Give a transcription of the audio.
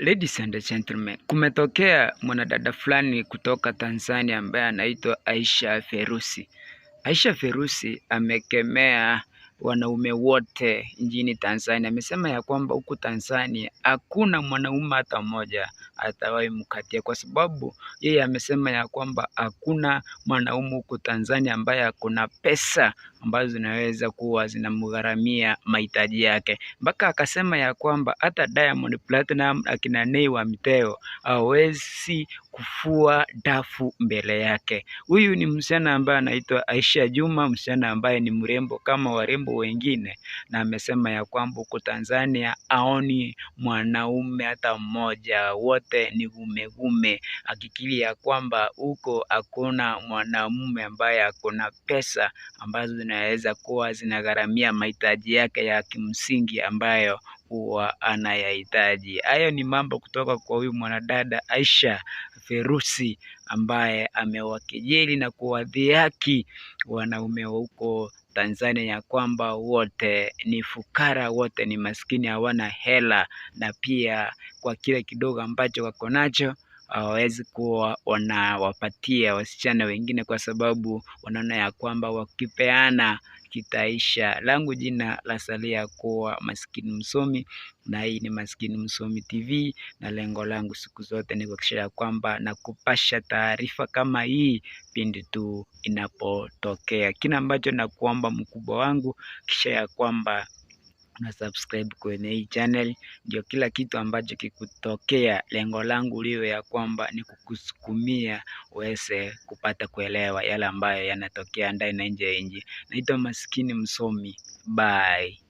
Ladies and gentlemen, kumetokea mwanadada fulani kutoka Tanzania ambaye anaitwa Aisha Ferusi. Aisha Ferusi amekemea wanaume wote nchini Tanzania. Amesema ya kwamba huku Tanzania hakuna mwanaume hata mmoja mkatia kwa sababu yeye amesema ya kwamba hakuna mwanaume huko Tanzania ambaye akona pesa ambazo zinaweza kuwa zinamgharamia mahitaji yake. Mpaka akasema ya kwamba hata Diamond Platinum akina Nay wa mteo hawezi kufua dafu mbele yake. Huyu ni msichana ambaye anaitwa Aisha Juma, msichana ambaye ni mrembo kama warembo wengine, na amesema ya kwamba huko Tanzania aoni mwanaume hata mmoja wote wote ni gumegume akikiri kwamba huko hakuna mwanaume ambaye ako na pesa ambazo zinaweza kuwa zinagharamia mahitaji yake ya kimsingi ambayo kuwa anayahitaji. Hayo ni mambo kutoka kwa huyu mwanadada Aisha Ferusi ambaye amewakejeli na kuwadhihaki wanaume wa huko Tanzania ya kwamba wote ni fukara, wote ni maskini, hawana hela na pia kwa kile kidogo ambacho wako nacho hawawezi kuwa wanawapatia wasichana wengine, kwa sababu wanaona ya kwamba wakipeana kitaisha. Langu jina la salia kuwa Maskini Msomi, na hii ni Maskini Msomi TV, na lengo langu siku zote ni kuhakikisha ya kwamba na kupasha taarifa kama hii pindi tu inapotokea. Kile ambacho nakuomba mkubwa wangu, kisha ya kwamba una subscribe kwenye hii channel, ndio kila kitu ambacho kikutokea, lengo langu liwe ya kwamba ni kukusukumia uweze kupata kuelewa yale ambayo yanatokea ndani na nje ya nchi. Naitwa Maskini Msomi. Bye.